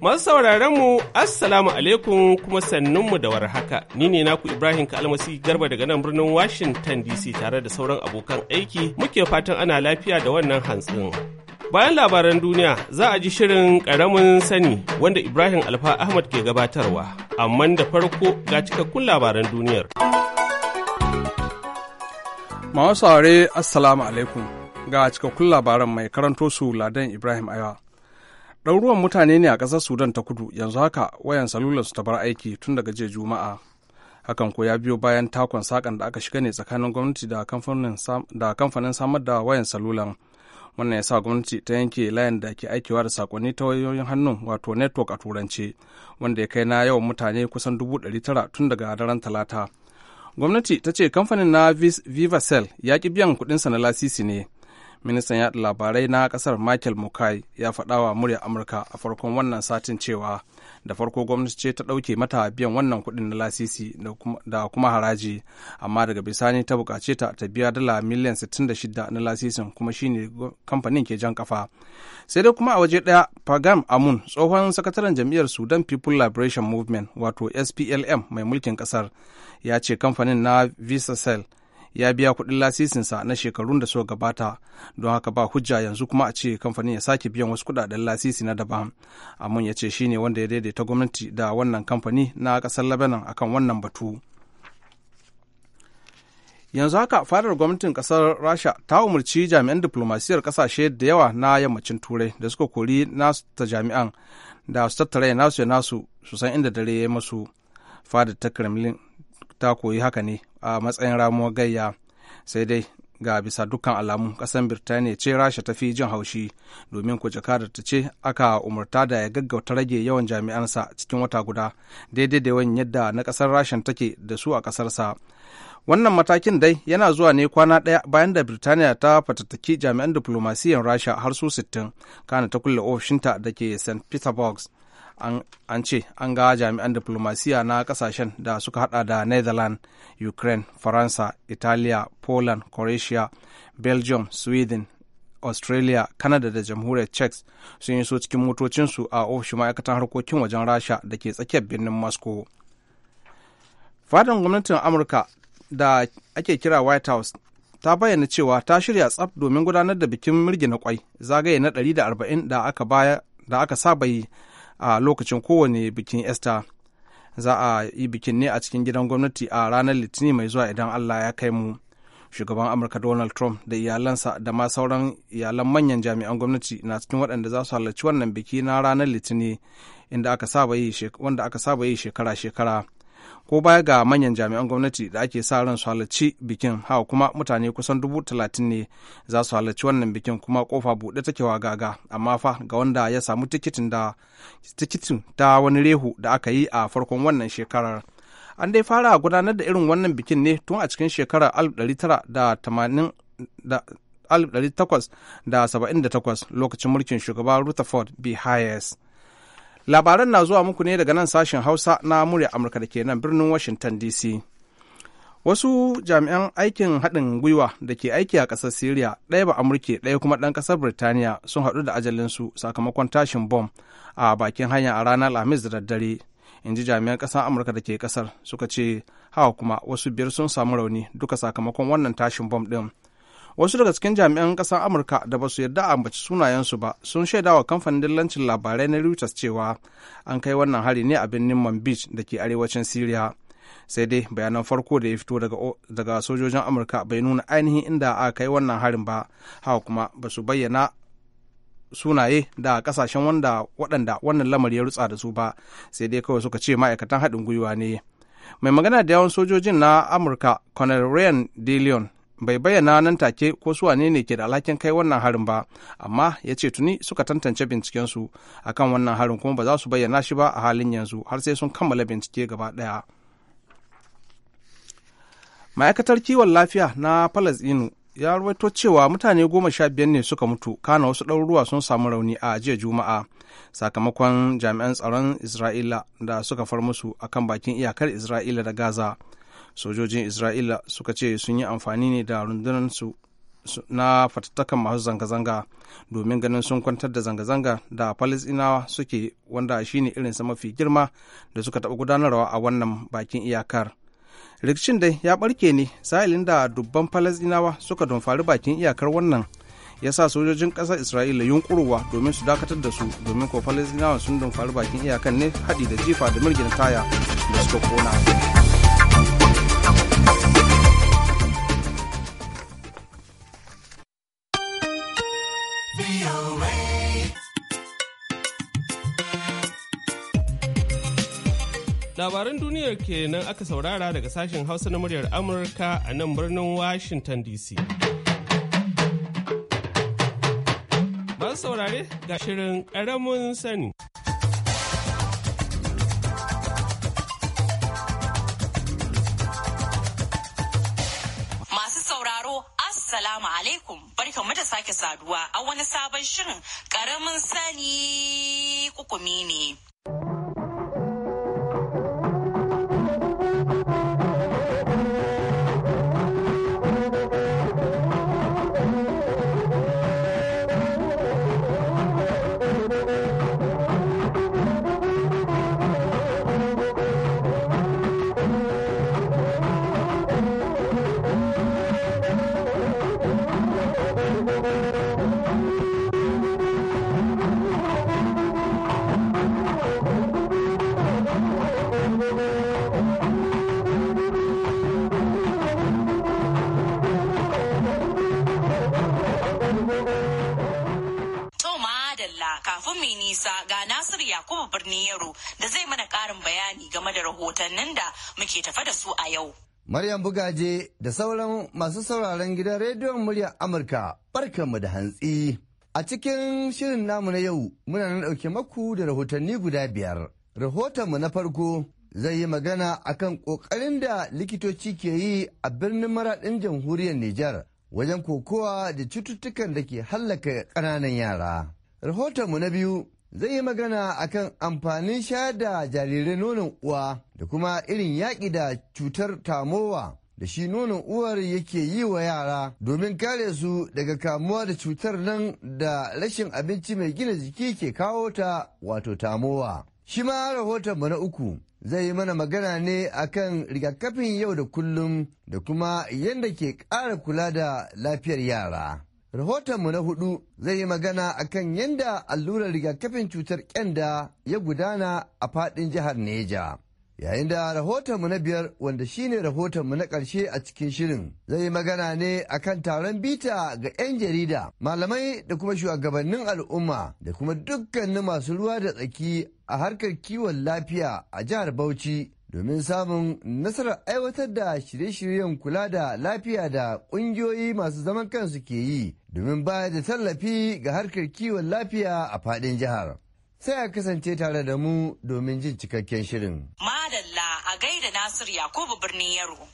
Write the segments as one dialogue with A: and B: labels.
A: Masu sauraron mu Assalamu alaikum kuma sannunmu da warhaka. Ni ne naku Ibrahim Kalmasi Garba daga nan birnin Washington DC tare da sauran abokan aiki muke fatan ana lafiya da wannan hantsin. Bayan labaran duniya za a ji shirin ƙaramin sani wanda Ibrahim Alfa Ahmad ke gabatarwa, amma da farko ga cikakkun labaran duniyar.
B: Masu saurare Assalamu alaikum ga cikakkun labaran mai karanto su Ladan Ibrahim Aiwa. ɗauruwan mutane ne a ƙasar sudan ta kudu yanzu haka wayan su ta bar aiki tun daga jiya juma'a hakan ko ya biyo bayan takon sakan da aka shiga ne tsakanin gwamnati da kamfanin samar da wayan salulan wannan ya sa gwamnati ta yanke layin da ke aikewa da sakonni ta wayoyin hannun wato network a turance wanda ya kai na yawan mutane kusan dubu ɗari tara tun daga daren talata gwamnati ta ce kamfanin na vivacell ya ki biyan kuɗinsa na lasisi ne ministan yaɗa labarai na kasar michael mukai ya faɗa wa murya amurka a farkon wannan satin cewa da farko gwamnati ce ta ɗauke mata biyan wannan kuɗin na lasisi da kuma haraji amma daga bisani ta buƙace ta ta biya dala miliyan 66 na lasisin kuma shine kamfanin ke jan kafa sai dai kuma a waje ɗaya pagam amun tsohon sakataren jam'iyyar sudan people liberation movement wato splm mai mulkin ƙasar ya ce kamfanin na visa cell ya biya kuɗin lasisinsa na shekarun da suka gabata don haka ba hujja yanzu kuma a ce kamfanin ya sake biyan wasu kuɗaɗen lasisi na daban amma ya ce shi ne wanda ya daidaita gwamnati da wannan kamfani na ƙasar labanan akan wannan batu yanzu haka fadar gwamnatin ƙasar rasha ta umarci jami'an diplomasiyar ƙasashe da yawa na yammacin turai da suka kori nasu ta jami'an da su tattara nasu ya nasu su san inda dare ya masu fadar ta kremlin ta koyi haka ne a matsayin ramuwar gayya sai dai ga bisa dukkan alamu kasan birtaniya ce rasha ta fi jin haushi domin ku da ta ce aka umarta da ya gaggauta rage yawan jami'ansa cikin wata guda daidai da yawan yadda na kasar rashin take da su a kasarsa wannan matakin dai yana zuwa ne kwana ɗaya bayan da birtaniya ta fatattaki jami'an diplomasiyyar rasha har su 60 kana ta kulle ofishinta da ke st petersburg an ce an ga jami'an diplomasiya na kasashen da suka hada da netherlands ukraine faransa italiya poland croatia belgium sweden australia canada da jamhuriyar czech sun yi so cikin motocinsu a ofishin ma'aikatan harkokin wajen rasha da ke tsakiyar birnin moscow fadin gwamnatin amurka da ake kira white house ta bayyana cewa ta shirya tsaf domin gudanar da bikin mirgina kwai zagaye na 140 da da aka saba yi a lokacin kowane bikin esta Za a yi bikin ne a cikin gidan gwamnati a ranar Litinin mai zuwa idan Allah ya kai mu. Shugaban Amurka Donald Trump da iyalansa da ma sauran iyalan manyan jami'an gwamnati na cikin waɗanda za su halarci wannan biki na ranar Litinin inda aka saba yi shekara-shekara. ko baya ga manyan jami'an gwamnati da ake sa ran su halarci bikin hawa kuma mutane kusan dubu talatin ne za su halarci wannan bikin kuma kofa buɗe take wa gaga amma fa ga wanda ya samu tikitin da tikitin ta wani rehu da aka yi a farkon wannan shekarar an dai fara gudanar da irin wannan bikin ne tun a cikin shekarar 1878 lokacin mulkin shugaba rutherford b hayes labaran na zuwa muku ne daga nan sashen hausa na murya amurka da ke nan birnin washington dc wasu jami'an aikin haɗin gwiwa da ke aiki a ƙasar syria ɗaya ba amurke ɗaya kuma ɗan ƙasar birtaniya sun haɗu da ajalinsu sakamakon tashin bom a bakin hanya a ranar Lamis da daddare in ji jami'an ƙasar amurka da ke ƙasar suka ce hawa kuma wasu biyar sun samu rauni duka sakamakon wannan tashin bom ɗin wasu daga cikin jami'an ƙasar amurka da ba su yarda a ambaci sunayensu ba sun shaidawa kamfanin dillancin labarai na reuters cewa an kai wannan hari ne a birnin man beach da ke arewacin syria sai dai bayanan farko da ya fito daga sojojin amurka bai nuna ainihin inda aka kai wannan harin ba haka kuma ba su bayyana sunaye da kasashen wanda waɗanda wannan lamari ya rutsa da su ba sai dai kawai suka ce ma'aikatan haɗin gwiwa ne mai magana da yawan sojojin na amurka conor ryan de leon bai bayyana nan take ko su wane ne ke da alhakin kai wannan harin ba amma ya ce tuni suka tantance bincikensu akan wannan harin kuma ba za su bayyana shi ba a halin yanzu har sai sun kammala bincike gaba ɗaya ma'aikatar kiwon lafiya na palestinu ya ruwaito cewa mutane goma sha biyar ne suka mutu kana wasu ɗaruruwa sun samu rauni a jiya juma'a sakamakon jami'an tsaron isra'ila da suka far musu akan bakin iyakar isra'ila da gaza sojojin isra'ila suka ce sun yi amfani ne da rundunansu na fatattakan masu zanga-zanga domin ganin sun kwantar da zanga-zanga da falisinawa suke wanda shine irinsa mafi girma da suka taɓa gudanarwa a wannan bakin iyakar rikicin dai ya ɓarke ne sa'ilin da dubban falasinawa suka dumfari bakin iyakar wannan ya sa sojojin ƙasar isra'ila yunkurowa domin su dakatar da su domin ko falasinawa sun dumfari bakin iyakar ne haɗi da jifa da mirgin taya da suka kona
A: Labaran duniyar kenan aka saurara daga sashen Hausa na muryar Amurka a nan birnin Washington DC. Masu saurare ga shirin ƙaramin sani.
C: Assalamu alaikum barka mu da sake saduwa a wani sabon shirin karamin sani kukumi ne.
D: Maryam Bugaje da sauran masu sauraron gidan rediyon muryar Amurka barkanmu da hantsi. A cikin shirin namu na yau muna nan ɗauke maku da rahotanni guda biyar. Rahotonmu na farko zai yi magana akan ƙoƙarin da likitoci ke yi a birnin maraɗin jamhuriyar Nijar wajen kokowa da cututtukan da ke hallaka ƙananan yara. Rahotonmu na biyu zai yi magana akan amfanin shada da jarirai nonon uwa da kuma irin yaƙi da cutar tamowa da shi nonon uwar yake yi wa yara domin kare su daga kamuwa da cutar nan da rashin abinci mai gina jiki ke kawo ta wato tamowa. Shi ma rahoton na uku zai yi mana magana ne akan rigakafin yau da kullum da kuma yadda ke ƙara kula da lafiyar yara. Rahotonmu na hudu zai yi magana a kan yadda allurar rigakafin cutar kyanda ya gudana a fadin jihar Neja. Yayin da rahotonmu na biyar wanda shine rahotonmu na ƙarshe a cikin shirin zai yi magana ne a kan taron bita ga 'yan jarida, malamai da kuma shugabannin al'umma da kuma dukkanin masu ruwa da tsaki a harkar kiwon lafiya a jihar Bauchi domin samun nasarar aiwatar da shirye-shiryen kula da lafiya da ƙungiyoyi masu zaman kansu ke yi domin bayar da tallafi ga harkar kiwon lafiya a faɗin jihar. Sai a kasance tare da mu domin jin cikakken shirin.
C: Madalla a gaida Nasir Yakubu birnin Yaro.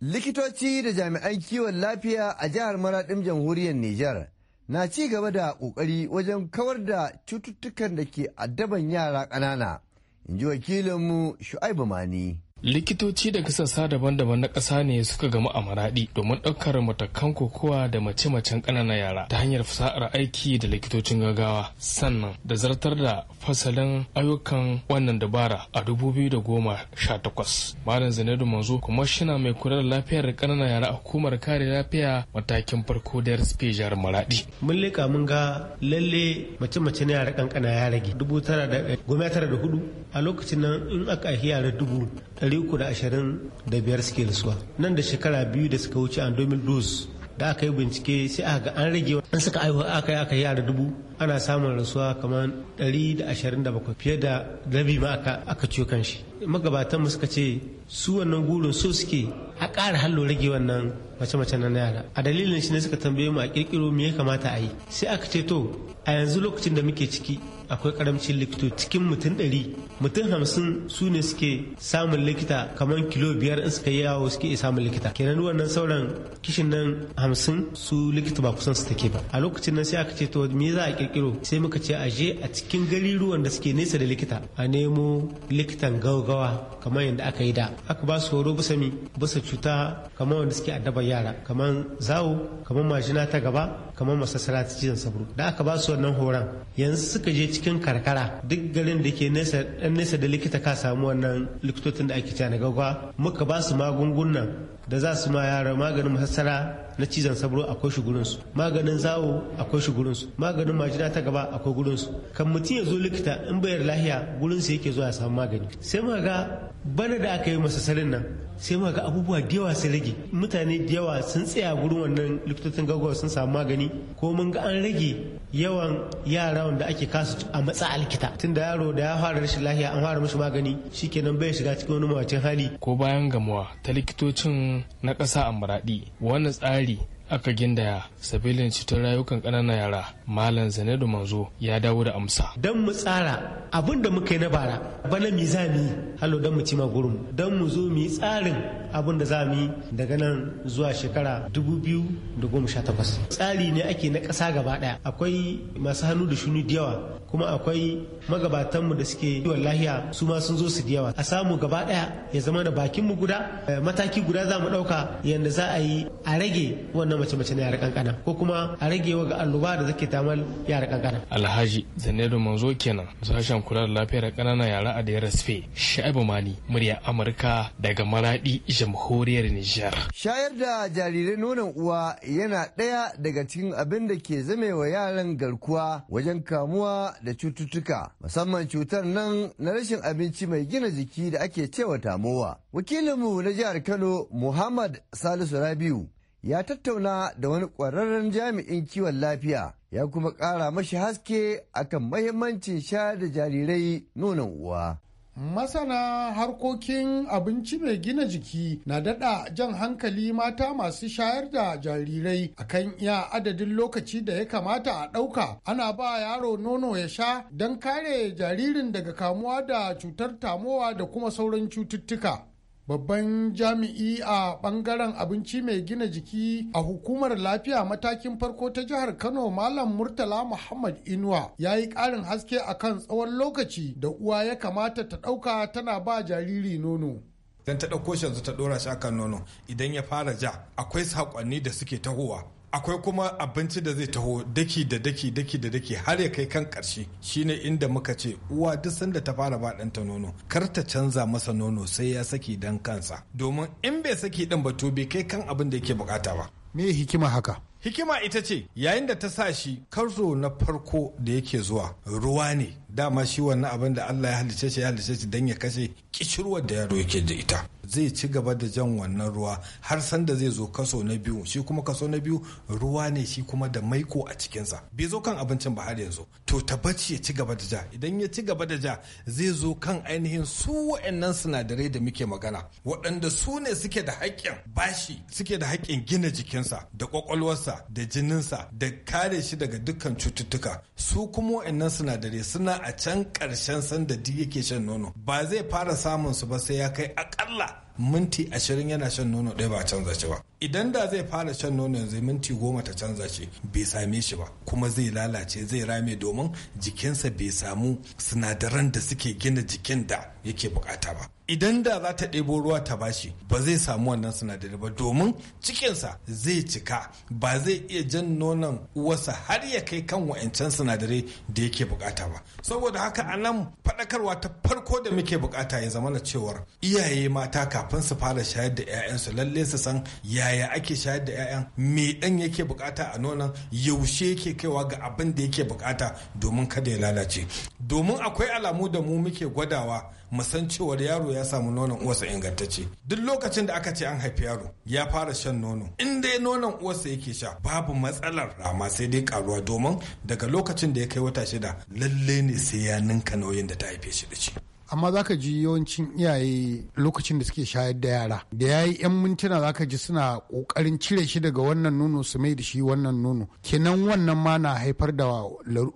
D: Likitoci da jami'an kiwon lafiya a jihar Maraɗin jamhuriyar Nijar na ci gaba da ƙoƙari wajen kawar da cututtukan da ke addaban yara ƙanana, in ji wakilinmu Shu'aibu Mani.
E: likitoci daga sassa daban-daban na ƙasa ne suka gamu a maraɗi domin ɗaukar matakan kokowa da mace-macen ƙananan yara ta hanyar fasahar aiki da likitocin gaggawa sannan da zartar da fasalin ayyukan wannan dabara a da goma sha takwas. malam zanadu manzo na mai kula da lafiyar ƙananan yara a hukumar kare lafiya matakin farko da rsp maraɗi.
F: mun leƙa mun ga lalle mace-mace na yara ƙanƙana ya rage dubu tara da goma tara da hudu a lokacin nan in aka ahi yara dubu 325 suke rasuwa nan da shekara biyu da suka wuce a dus da aka yi bincike sai a ga an rage an suka aiwa aka yi aka yara dubu ana samun rasuwa kamar 127 fiye da rabi ma aka ciyo kan shi magabatan mu suka ce su wannan gurin so suke a ƙara hallo rage wannan mace-mace na yara a dalilin shi ne suka tambaye mu a kirkiro me ya kamata a yi sai aka ce to a yanzu lokacin da muke ciki akwai karamcin likito cikin mutum ɗari mutum hamsin su ne suke samun likita kamar kilo biyar in suka yi yawo suke samun likita kenan wannan sauran kishin nan hamsin su likita ba kusan su take ba a lokacin nan sai aka ce to me za a kirkiro sai muka ce a je a cikin gariruwan da suke nesa da likita a nemo likitan gaugawa kamar yadda aka yi da aka ba su horo bisa mi bisa cuta kamar wanda suke addaba yara kamar zawo kamar majina ta gaba kamar masassara ta cizon sabro da aka ba su wannan horon yanzu suka je cikin karkara duk garin da ke nesa dan nesa da likita ka samu wannan likitocin da ake ta na gaggawa muka ba su magungunan da za su ma yara maganin masassara na cizon sabro akwai shi gurin su maganin zawo akwai shi gurin su maganin majina ta gaba akwai gurin su kan mutum ya zo likita in bayar lahiya gurin su yake zuwa ya samu magani sai mu ga bana da aka yi masa salin nan sai ga abubuwa da yawa sai rage mutane da yawa sun tsaya gurin wannan likitocin gaggawa sun samu magani ko mun ga an rage yawan yara wanda ake kasu a matsa alkita tunda yaro da ya fara rashin lafiya an fara mashi magani shi shikenan bai shiga cikin wani mawacin hali ko bayan gamuwa ta likitocin na ƙasa a maraɗi wani tsari aka
E: gindaya sabilin cutar rayukan ƙananan yara malam zanedu manzo ya dawo da amsa
F: don mu tsara abin da muka yi na bara bana mizani halo don mu ci ma gurin don mu zo mu yi tsarin abin da za mu yi daga nan zuwa shekara 2018 tsari ne ake na ƙasa gaba ɗaya akwai masu hannu da shuni da yawa kuma akwai magabatanmu da suke yiwa lahiya su ma sun zo su da yawa a samu gaba ɗaya ya zama da bakinmu guda eh, mataki guda za mu ɗauka yadda za a yi a rage wannan mace-mace na yara kankana ko kuma a rage wa ga alluba da take tamal yara kankana.
E: Alhaji Zanedo Manzo kenan sashen kula da lafiyar kanana yara a da sfe Sha'ibu Mani murya Amurka daga Maradi jamhuriyar Nijar.
D: Shayar da jarirai nonon uwa yana ɗaya daga cikin abin da ke zame wa yaran garkuwa wajen kamuwa da cututtuka musamman cutar nan na rashin abinci mai gina jiki da ake cewa tamowa. Wakilinmu na jihar Kano Muhammad Salisu Rabiu ya tattauna da wani ƙwararren jami'in kiwon lafiya ya kuma ƙara mashi haske akan mahimmancin shayar da jarirai nonon uwa. Masana harkokin abinci
G: mai gina jiki na dada jan hankali mata masu shayar da jarirai akan iya adadin lokaci da ya kamata a ɗauka ana ba yaro nono ya sha don kare jaririn daga kamuwa da cutar tamowa da kuma sauran cututtuka. babban jami'i a bangaren abinci mai gina jiki a hukumar lafiya matakin farko ta jihar kano malam murtala muhammad inuwa ya yi ƙarin haske a kan tsawon lokaci da uwa ya kamata ta ɗauka tana ba jariri nono idan
H: ta ɗauko shi yanzu ta ɗora shi akan nono idan ya fara ja akwai saƙonni da suke tahowa akwai kuma abinci da zai taho daki da daki daki da daki har ya kai kan karshe shine inda muka ce uwa duk sanda ta fara ba ɗanta nono kar ta canza masa nono sai ya saki dan kansa domin in bai saki ɗin ba to bai kai kan abin da yake bukata ba
G: me hikima haka
H: hikima ita ce yayin da ta sa shi karzo na farko da yake zuwa ruwa ne dama shi wannan abin da Allah ya halice shi ya halice shi dan ya kashe kishirwar da yaro yake da ita zai ci gaba da jan wannan ruwa har sanda zai zo kaso na biyu shi kuma kaso na biyu ruwa ne shi kuma da maiko a cikinsa bai zo kan abincin ba har yanzu to tabbaci ya ci gaba da ja idan ya ci gaba da ja zai zo kan ainihin su wa'annan sinadarai da muke magana waɗanda su ne suke da haƙƙin bashi suke da haƙƙin gina jikinsa da ƙwaƙwalwarsa da jininsa da kare shi daga dukkan cututtuka su kuma wa'annan sinadarai suna a can ƙarshen sanda duk yake shan nono ba zai fara samun su ba sai ya kai Allah minti ashirin yana shan nono ɗaya ba canza shi ba idan da zai fara shan nono yanzu minti goma ta canza shi bai same shi ba kuma zai lalace zai rame domin jikinsa bai samu sinadaran da suke gina jikin da yake bukata ba idan da za ta ɗebo ruwa ta bashi ba zai samu wannan sinadari ba domin cikinsa zai cika ba zai iya jan nonon uwarsa har ya kai kan wa'ancan sinadarai da yake bukata ba saboda haka anan nan faɗakarwa ta farko da muke bukata ya zama na cewar iyaye mata kafin kafin su fara shayar da 'ya'yansu lalle su san yaya ake shayar da 'ya'yan me ɗan yake bukata a nonon yaushe yake kaiwa ga abin da yake bukata domin kada ya lalace domin akwai alamu da mu muke gwadawa mu san cewar yaro ya samu nonon uwarsa ingantacce duk lokacin da aka ce an haifi yaro ya fara shan nono in dai nonon uwarsa yake sha babu matsalar rama sai dai karuwa domin daga lokacin da ya kai wata shida lalle ne sai
G: ya ninka nauyin da ta haife shi da shi amma zaka ji yawancin iyaye lokacin da suke shayar da yara da yayi yan mintuna zaka ji suna kokarin cire shi daga wannan nono su mai da shi wannan nono kenan wannan ma na haifar da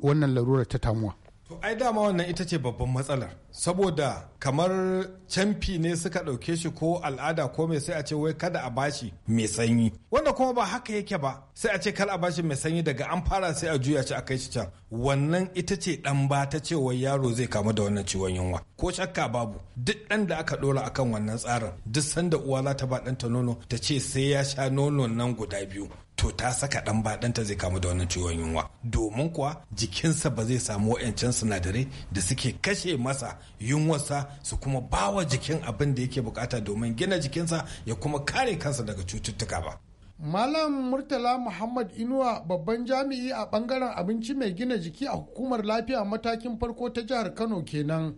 G: wannan larurar ta tamuwa To ai
H: dama wannan ita ce babban matsalar saboda kamar camfi ne suka ɗauke shi ko al'ada ko mai sai a ce wai kada a bashi mai sanyi wanda kuma ba haka yake ba sai a ce kada a bashi mai sanyi daga an fara sai a juya shi a kai shi can wannan ita ce ɗan ba ta cewa yaro zai kamu da wannan ciwon yunwa ko shakka babu duk ɗan da aka ɗora akan wannan tsarin duk sanda uwa za ta ba ɗanta nono ta ce sai ya sha nono nan guda biyu to ta saka dan ba zai kamu da wannan ciwon yunwa domin kuwa jikinsa ba zai samu wa'ancan sinadarai da suke kashe masa yunwarsa su kuma bawa jikin abin da yake bukata domin
G: gina jikinsa ya kuma kare kansa
H: daga cututtuka ba
G: Malam Murtala Muhammad Inuwa babban jami'i a bangaren abinci mai gina jiki a hukumar lafiya matakin farko ta jihar Kano kenan.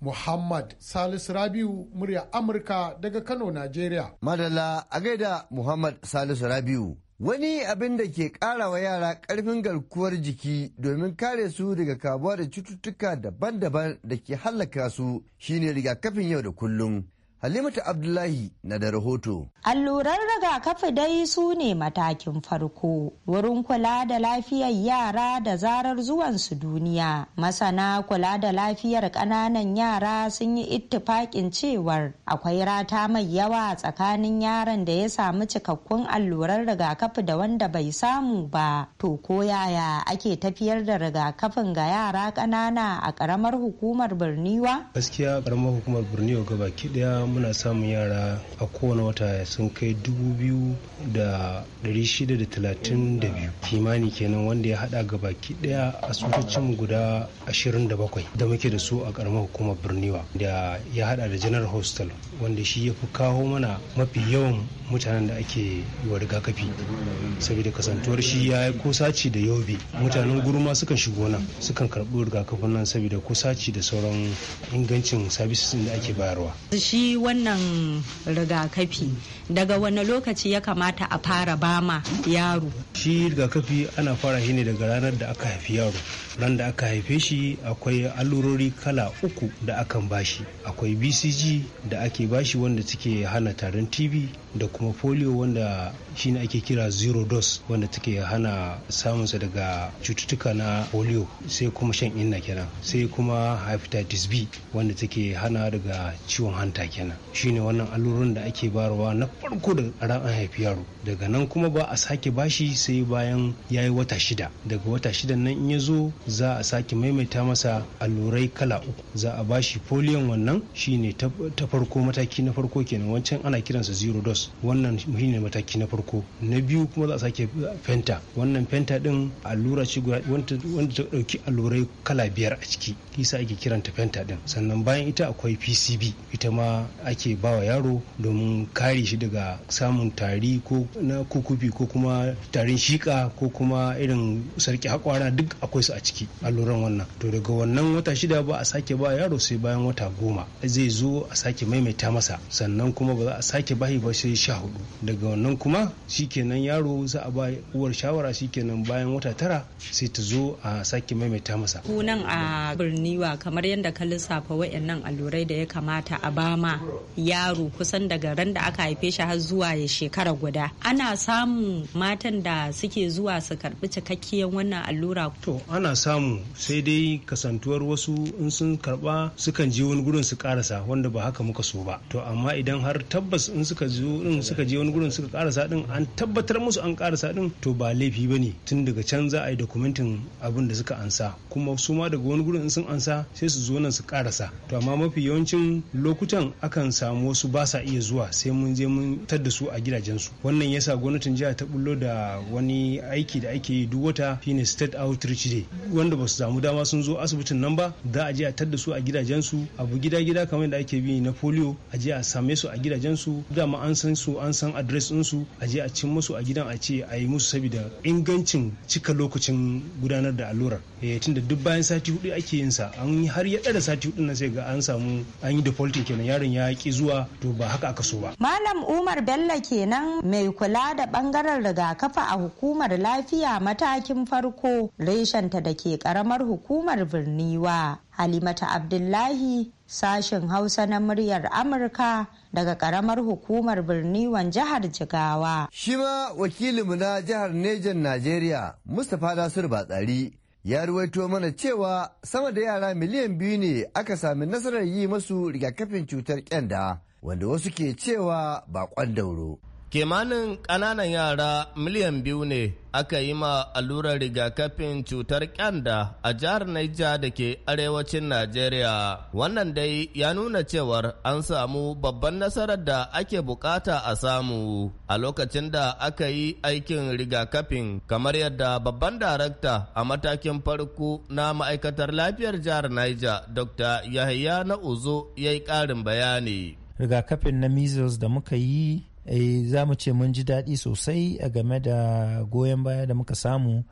G: Muhammad Salisu Rabiu murya Amurka
D: daga Kano, Najeriya. Madalla a gaida Muhammad Salisu Rabiu. Wani abin da ke ƙara wa yara ƙarfin garkuwar jiki domin kare su daga kabuwa da cututtuka daban-daban da ke hallaka su shine rigakafin yau da kullum. Halimatu Abdullahi na da rahoto.
C: Alluran rigakafi dai su ne matakin farko wurin kula da lafiyar yara da zarar zuwansu duniya. Masana kula da lafiyar ƙananan yara sun yi ittifaƙin cewar akwai rata mai yawa tsakanin yaron da ya samu cikakkun alluran rigakafi da wanda bai samu ba. To ko yaya ake tafiyar da rigakafin ga yara ƙanana a ƙaramar hukumar Birniwa?
I: Gaskiya ƙaramar hukumar Birniwa gaba ki muna samun yara a kowane wata sun kai dubu biyu da kimani kenan wanda ya hada ga baki daya asibitocin guda ashirin da bakwai da muke da su a karamar hukumar birniwa da ya hada da general hostel wanda shi ya fi kawo mana mafi yawan mutanen da ake yi wa rigakafi saboda kasantuwar shi ya yi kusaci da yobe mutanen gurma sukan shigo nan sukan karɓi rigakafin nan saboda kusaci da sauran ingancin sabisis da ake bayarwa
C: shi wannan rigakafi daga wani lokaci ya kamata a fara bama yaro
I: shi rigakafi ana fara shi ne daga ranar da aka haifi yaro ran da aka haife shi akwai allurori kala uku da akan bashi akwai bcg da ake bashi wanda suke hana tarin TV da kuma polio wanda shi ne ake kira zero dose wanda take hana samunsa daga cututtuka na polio sai kuma shan inna kenan sai kuma hepatitis b wanda take hana daga ciwon hanta kenan kenan shine wannan alluran da ake bayarwa na farko da ran an haifi yaro daga nan kuma ba a sake bashi sai bayan ya yi wata shida daga wata shidan nan in ya zo za a sake maimaita masa allurai kala uku za a bashi poliyon wannan shine ta farko mataki na farko kenan wancan ana kiransa zero dose wannan shine mataki na farko na biyu kuma za a sake uh, fenta wannan fenta din allura ce wanda ta dauki allurai kala biyar a ciki kisa ake kiranta fenta din sannan bayan ita akwai pcb ita ma ake bawa yaro domin kare shi daga samun tari ko na kukufi ko kuma tarin shika ko kuma irin sarki hakwara duk akwai su a ciki alluran wannan to daga wannan wata shida ba a sake ba yaro sai bayan wata goma zai zo a sake maimaita masa sannan kuma ba za a sake bahi ba sai sha hudu daga wannan kuma shikenan yaro za a ba uwar shawara shikenan bayan wata tara sai ta zo a sake maimaita masa
C: kunan a birniwa kamar yadda ka lissafa wa'annan allurai da ya kamata a bama yaro kusan daga ran da aka haife shi har zuwa ya shekara guda ana samun matan da suke zuwa su karbi cikakkiyar wannan allura to
I: ana samu sai dai kasantuwar wasu in sun karba sukan je wani gurin su karasa wanda ba haka muka so ba to amma idan har tabbas in suka zo din suka je wani gurin suka karasa din an tabbatar musu an karasa din to ba laifi bane tun daga can za a yi dokumentin abin da suka ansa kuma su ma daga wani gurin in sun ansa sai su zo nan su karasa to amma mafi yawancin lokutan aka akan samu wasu ba sa iya zuwa sai mun je mun tar da su a gidajensu wannan yasa gwamnatin jiha ta bullo da wani aiki da ake yi duk wata shine state outreach day wanda ba su samu dama sun zo asibitin nan ba za a je a tar da su a gidajensu abu gida gida kamar da ake bi na polio a je a same su a gidajensu dama an san su an san address su a je a cin musu a gidan a ce a yi musu saboda ingancin cika lokacin gudanar da allurar eh, tunda duk bayan sati hudu ake yin sa an har ya da sati hudu na sai ga an samu an yi defaulting kenan yaron ya ya zuwa to ba haka aka
C: so ba. Malam Umar Bello kenan mai kula da bangaren rigakafa a hukumar lafiya matakin farko reshenta da ke karamar hukumar birniwa. Halimata Abdullahi sashen Hausa na muryar Amurka daga ƙaramar
D: hukumar birniwan jihar Jigawa. Shi ma wakilinmu na jihar Nejan Najeriya Mustapha Nasiru Batsari ya ruwaito mana cewa sama da yara miliyan biyu ne aka sami nasarar yi masu rigakafin cutar kyanda wanda wasu ke cewa ba bakon dauro. Kimanin ƙananan yara miliyan biyu ne
J: aka yi ma allurar rigakafin cutar kyanda a jihar Naija da ke arewacin Najeriya. Wannan dai ya nuna cewar an samu babban nasarar da ake bukata a samu a lokacin da aka yi aikin rigakafin kamar yadda babban darakta a matakin farko na ma'aikatar lafiyar jihar Naija Dr. yahya na Uzo ya yi ƙarin bayani.
K: Rigakafin na measles da muka yi Eh, za mu ce mun ji daɗi sosai a game da goyon baya da muka samu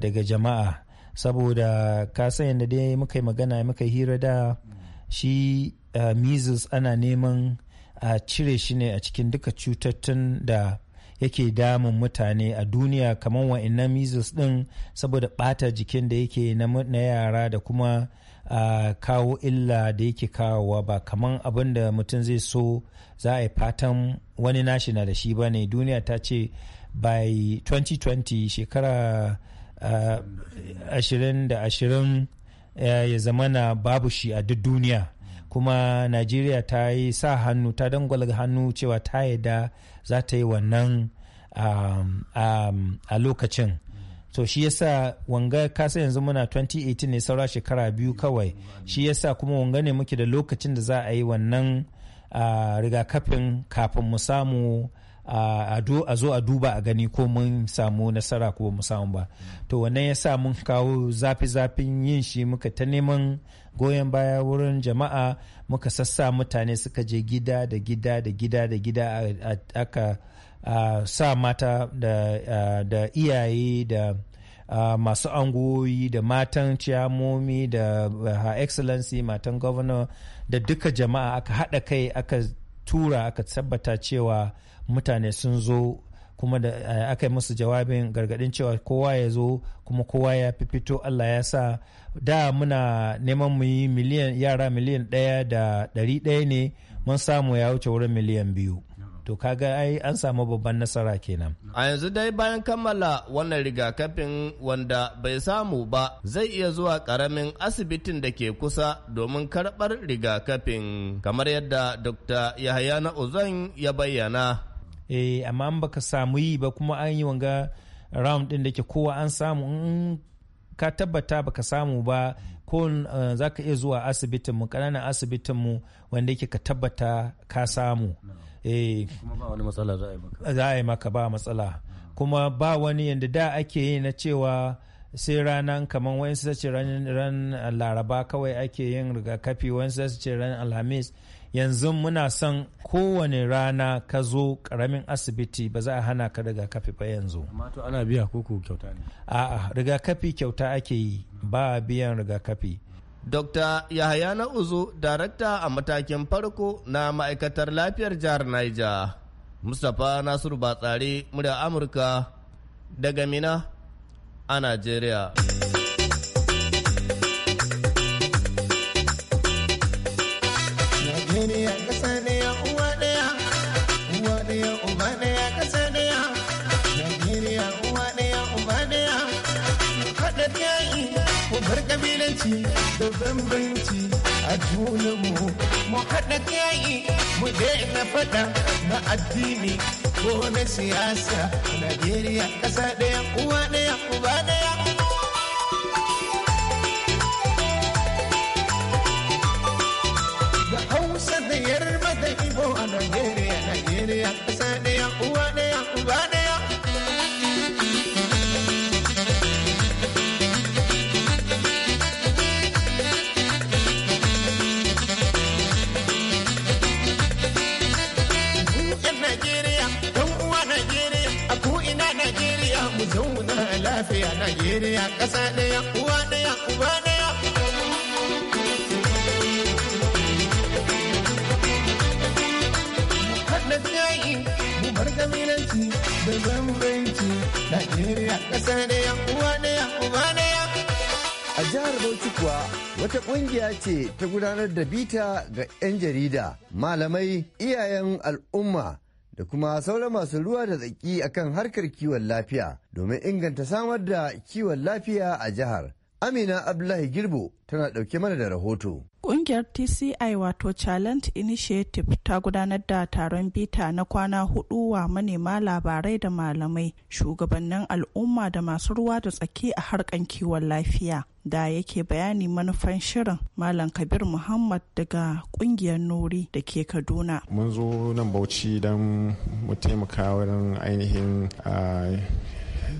K: daga jama'a saboda ka yadda dai muka yi magana muka yi hira da shi measles ana neman a cire shi ne a cikin duka cutattun da yake damun mutane a duniya kamar wa'annan measles din saboda ɓata jikin da yake na yara da kuma a kawo illa da yake kawowa ba kamar abin da mutum zai so za a yi fatan wani nashi na da shi ba ne duniya ta ce by 2020 shekara ashirin da ashirin ya zama na babu shi a duk duniya kuma najeriya ta yi sa hannu ta dangwala hannu cewa ta yi da za ta yi wannan a lokacin to shi yasa wanga kasa yanzu muna 2018 ne saura shekara biyu kawai shi yasa kuma wanga ne muke da lokacin da za a yi wannan rigakafin kafin mu samu a zo a duba a gani ko mun samu nasara ko mu samu ba to wannan ya sa mun kawo zafi-zafin yin shi muka ta neman goyon baya wurin jama'a muka sassa mutane suka je gida da gida da gida da gida aka sa mata da iyaye da masu angoyi da matan ciyamomi da uh, her excellency matan governor da duka jama'a aka haɗa kai aka tura aka tabbata cewa mutane sun zo kuma da uh, aka yi musu jawabin gargadin cewa kowa ya zo kuma kowa ya fito allah ya sa da muna neman mu yi miliyan yara miliyan ɗaya da ɗari ɗaya ne mun samu ya wuce wurin miliyan biyu to kaga ai an samu babban nasara kenan
J: a yanzu dai bayan kammala wannan rigakafin wanda bai samu ba zai iya zuwa karamin asibitin da ke kusa domin karɓar rigakafin kamar yadda dr yahaya na ozon ya bayyana eh amma an baka samu yi ba kuma an yi wanga
K: round din da ke kowa an samu ka tabbata baka samu ba ko eh, za ka iya zuwa asibitinmu ƙananan asibitinmu wanda yake ka tabbata ka samu Eh. kuma ba wani matsala za a yi maka za a yi maka ba matsala kuma ba wani yadda da ake yi na cewa sai ranar kamar wani ta ce ran laraba kawai ake yin rigakafi wani su ce ran alhamis yanzu muna son kowane rana ka zo karamin asibiti ba za a hana ka rigakafi ba yanzu ana biya kuku kyauta ne a'a rigakafi kyauta ake yi ba biyan rigakafi
J: Dr. Yahaya na Uzu, darakta a matakin farko na ma'aikatar lafiyar jihar Niger. Mustapha Nasiru Batsari, murya Amurka daga Mina a Najeriya. bambanci da
F: bambanci a junanmu mu haɗa yayi mu daina faɗa na addini ko na siyasa Najeriya ƙasa ɗaya uwa ɗaya uba ɗaya Najeriya ƙasa ɗaya uwa ɗaya uba ɗaya. Haɗa jayi mu bar kabilanci da bambanci Najeriya
D: ƙasa ɗaya uwa ɗaya uba ɗaya. A jihar Bauchi kuwa wata ƙungiya ce ta gudanar da bita ga 'yan jarida, malamai, iyayen al'umma da kuma sauran masu ruwa da tsaki akan harkar kiwon lafiya domin inganta samar da kiwon lafiya a jihar. Amina Abdullahi Girbo tana ɗauke mana da rahoto.
L: Ƙungiyar TCI wato Challenge Initiative ta gudanar da taron bita na kwana hudu wa manema labarai da malamai, shugabannin al'umma da masu ruwa da tsaki a harkan kiwon lafiya. Da yake bayani manufan shirin Malam Kabir Muhammad daga ƙungiyar Nuri da ke Kaduna. Mun zo nan
M: Bauchi don mu taimaka wurin ainihin ah,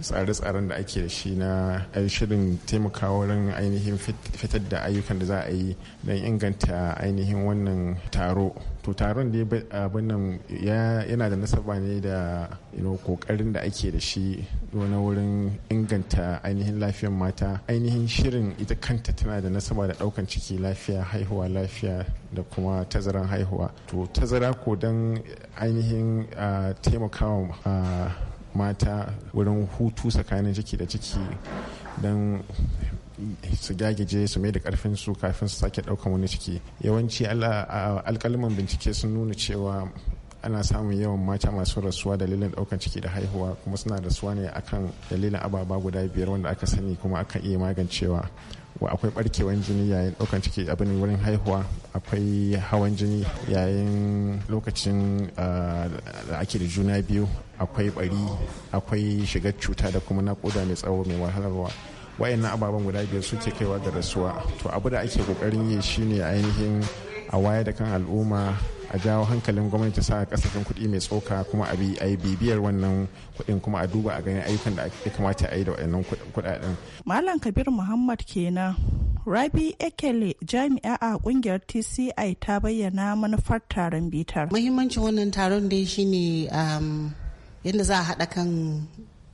M: tsare-tsaren da ake da shi na eh, shirin taimakawa wurin ainihin fitar da ayyukan da za a yi don inganta ainihin wannan taro to taron da eh, abin nan yana da nasaba ne da kokarin da ake da shi na wurin inganta ainihin lafiyar mata ainihin shirin ita kanta tana da nasaba da daukan ciki lafiya haihuwa lafiya da kuma tazaran haihuwa to tazara ko don ainihin eh, taimakawa mata wurin hutu tsakanin ciki da ciki don su gagije su mai da karfin su kafin su sake daukan wani ciki yawanci alkalman bincike sun nuna cewa ana samun yawan mata masu rasuwa dalilin daukan ciki da haihuwa kuma suna rasuwa ne akan dalilin ababa guda biyar wanda aka sani kuma aka iya magancewa akwai barkewan jini yayin ɗaukan ciki abin wurin haihuwa akwai hawan jini yayin lokacin ah, da ake da juna biyu akwai bari akwai shigar cuta da kuma naƙuda mai tsawo mai wahalarwa na ababen guda biyar suke kaiwa ga rasuwa to abu da ake kokarin yi shine ainihin a waya da kan al'umma a jawo hankalin gwamnati sa kasafin kuɗi mai tsoka kuma a bi ayi bibiyar wannan kuɗin kuma a duba a ganin ayyukan da ya kamata a yi da waɗannan kuɗaɗen.
L: Malam Kabir Muhammad kenan. Rabi Ekele jami'a a kungiyar TCI ta bayyana manufar taron bitar. Muhimmancin wannan taron dai shine um, yadda za a haɗa kan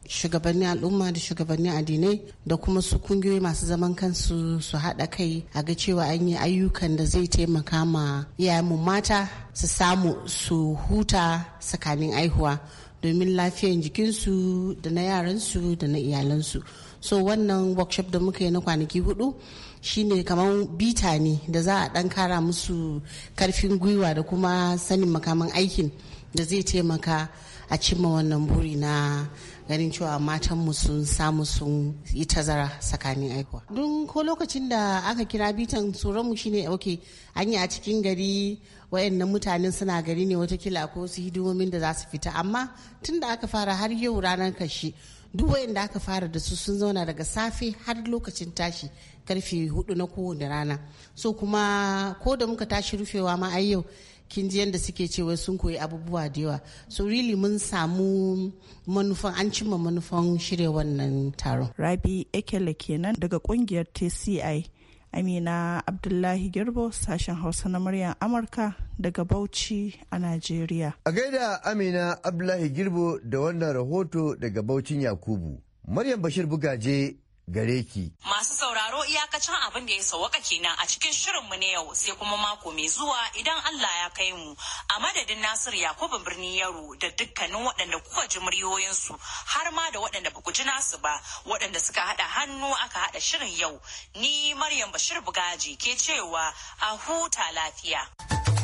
L: shugabannin al'umma da shugabannin addinai da kuma su kungiyoyi masu zaman kansu su haɗa kai a ga cewa an yi ayyukan da zai taimaka ma iyayenmu mata su samu su huta tsakanin aihuwa domin lafiyan jikinsu da na yaransu da na iyalansu so wannan workshop da muka yi na kwanaki hudu shine kamar bita ne da za a dan kara musu karfin gwiwa da kuma sanin makaman aikin da zai taimaka a cimma wannan buri na ganin cewa matan mu sun samu sun yi tazara tsakanin aikuwa. don ko lokacin da aka kira bitan mu shine ok an yi a cikin gari wayannan mutanen suna gari ne watakila ko su hidimomin da za su fita amma tun da aka fara har yau ranar kashi duk wayanda aka fara da su sun zauna daga safe har lokacin tashi karfe hudu na kowane rana so kuma ko da muka tashi rufewa ma ai kin ji yadda suke cewa sun koyi abubuwa da yawa so really mun samu manufan an cimma manufan shirya wannan taron rabi ekele kenan daga kungiyar tci amina abdullahi girbo sashen hausa na muryar amurka daga bauchi a najeriya
D: a gaida amina abdullahi girbo da wannan rahoto daga baucin yakubu maryam bashir bugaje gare ki.
C: Masu sauraro iyakacin abin da ya sauwaka kenan a cikin shirin mu na yau sai kuma mako mai zuwa idan Allah ya kai mu. A madadin Nasiru Yakubu Birni Yaro da dukkanin waɗanda kuka ji muryoyinsu har ma da waɗanda ba ku ji nasu ba waɗanda suka haɗa hannu aka haɗa shirin yau. Ni Maryam Bashir Bugaji ke
L: cewa a huta lafiya.